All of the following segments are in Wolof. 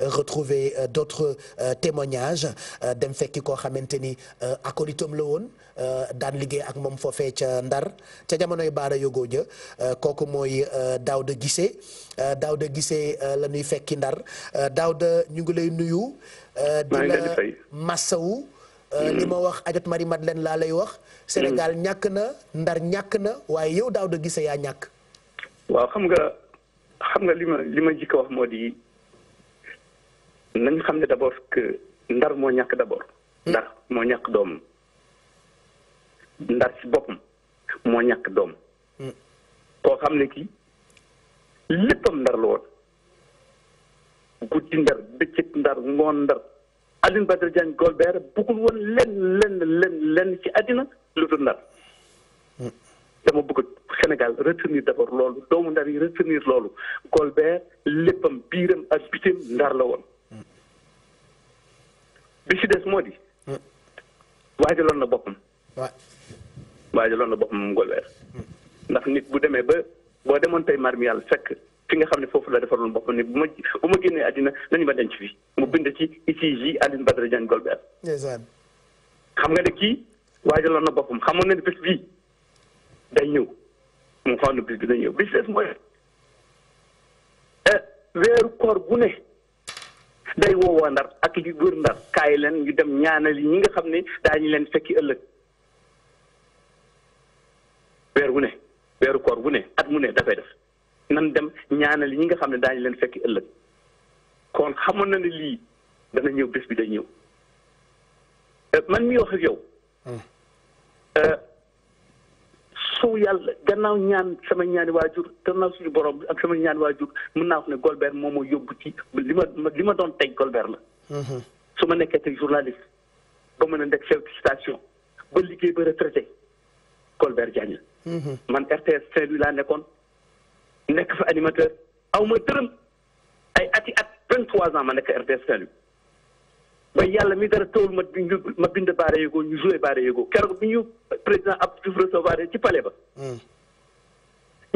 retrouver euh, d'autres euh, témoignages euh, dem fekki koo xamante ni acolitam la woon daan liggéey ak moom foofee ca Ndar ca jamonoy Baara Yogoo ja kooku mooy Daouda Guissé Daouda gisee la ñuy fekki Ndar da ñu ngi lay nuyu di la massawu li ma wax ajot Marie Madeleine laa lay wax Sénégal mm. ñàkk na Ndar ñàkk na waaye yow Daouda Guissé yaa ñàkk waaw xam nga xam nga li ma li ma jikko wax moo di nañ xam ne d' abord ndar moo ñàkk d' abord. Hmm. ndar moo ñàkk doom ndar ci boppam moo ñàkk doom. Hmm. koo xam ne kii léppam ndar la woon guddi ndar bëccëg ndar ngoon ndar Alioune Badara Diagne Golbert bëggul woon lenn lenn lenn lenn ci àddina lu dul ndar. Hmm. dama bëgg Sénégal retenir d' abord loolu doomu ndar yi retenir loolu Golbert léppam biiram ak bitim ndar la woon. bi si des moo di. waajaloon na boppam. waaw waajaloon na boppam mu golweer ndax nit bu demee ba boo demoon tey marmiyal fekk fi nga xam ne foofu la defaroon boppam ni bu ma bu ma génnee àddina nañu ma denc fii mu bind ci ICG Alioune Badara Diagne Golbert. xam nga ne kii waajaloon na boppam xamoon na ne bés bii day ñëw moom xamoon na bés bi day ñëw bés des mooy eh, weeru koor bu ne. day woowoo ndar ak yu wër ndar kaay leen ñu dem ñaanal yi ñi nga xam ne daañu leen fekki ëllëg weer wu ne weeru koor wu ne at mu ne dafay def nan dem ñaanal yi ñi nga xam ne daañu leen fekki ëllëg kon xamoon na ne lii dana ñëw bés bi day ñëw eh, man mi wax ak yow. Hmm. soow yàlla gannaaw ñaan sama ñaani waajur gannaaw suñu borom ak sama ñaani waajur mën naa wax ne Golbert moom moo yóbbu ci li ma li ma doon tey Golbert la. Mm-hmm. su ma nekkee tey journaliste ba mën a nekk chef de station ba liggéey ba retraité Golbert Diagne mm-hmm. man RTS Saint-Louis laa nekkoon nekk fa animateur aw ma dërëm ay ati at vingt trois ans ma nekk RTS Saint-Louis mais yàlla mi dara tawul ma ñu ma bind Baara Yego ñu joué Baara Yego keroog bi ñu président Abdou Diouf recevoir ci palais ba. Hmm.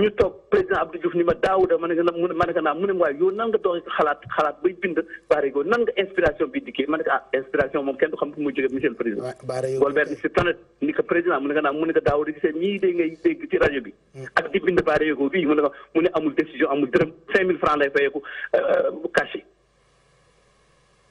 ñu toog président Abdou Diouf ni ma Daouda ma ko na ma ne ko naa mu ne waaye yow nan nga doxee xalaat xalaat bay bind Baara Yego nan nga bi dikkee ma ne ko ah inspiration moom kenn du xam fu mu jógee monsieur le président. Baara Yego Golbert ne ko naa mu ne ko Daouda gisee ñii de ngay dégg ci rajo bi. Hmm. ak di bind Baara Yego bii mu ne ko mu ne amul décision amul dërëm 5000 francs lay fayeeku euh, cash.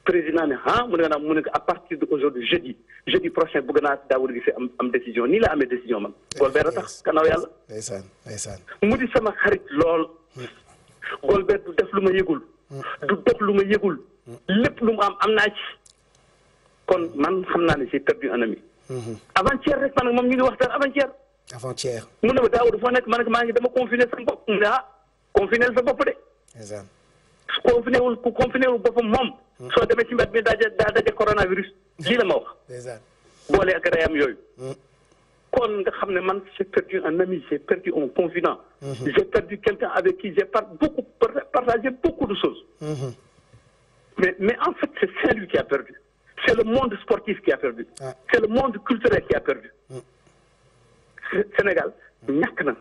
président ne ah mu ne maanaam mu ne à partir de aujourd'hui jeudi jeudi prochain bëgg naa Daouda Guissé am am décision nii a amee décision man. Eh, Golbert tax kanaw yàlla. ndeysaan ndeysaan. mu di sama xarit lool. Hmm. Golbert du def lu ma yëgul. Hmm. du def lu ma yëgul. Hmm. lépp lu mu am am naa ci. kon man xam naa ne j'ai perdu un ami. avant-hier rek man moom ñu ngi waxtaan avant-hier. avant-hier. mu ne ma Daouda foo nekk man maa ngi dama confiné sa bopp mu ne ah confiné sa bopp de. confiné wul ku confiné wul boppam moom. Hmm. soo demee ci mbedd mi daa daa daje coronavirus hmm. lii la ma wax. boole ak reyam yooyu. Hmm. kon nga xam ne man j'ai perdu un ami j'ai perdu un confident. j'ai perdu quelqu'un avec qui j'ai par beaucoup partagé beaucoup de choses. mais mais en fait c'est Saint-Louis qui a perdu. c'est le monde sportif qui a perdu. Ah. c'est le monde culturel qui a perdu. Sénégal ñàkk na.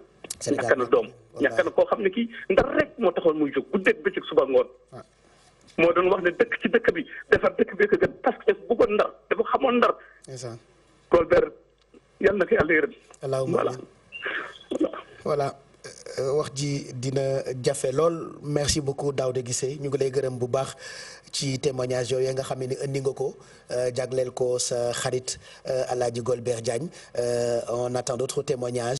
ñàkk na doom ñàkk na koo xam ne kii ndar moo taxoon muy jóg bu dégg bëccëg suba ngoon moo doon wax ne dëkk ci dëkk bi defar dëkk bi ko gën parce ndar dafa xamoon ndar. Colbert yal na ko yàlla yërëm. Euh, wax ji dina jafe lool merci beaucoup de Guissé ñu ngi lay gërëm bu baax ci témoignage yooyu nga xam ne indi nga ko euh, jagleel ko sa xarit euh, Alaaji Golbert Diagne on attend d'autres témoignages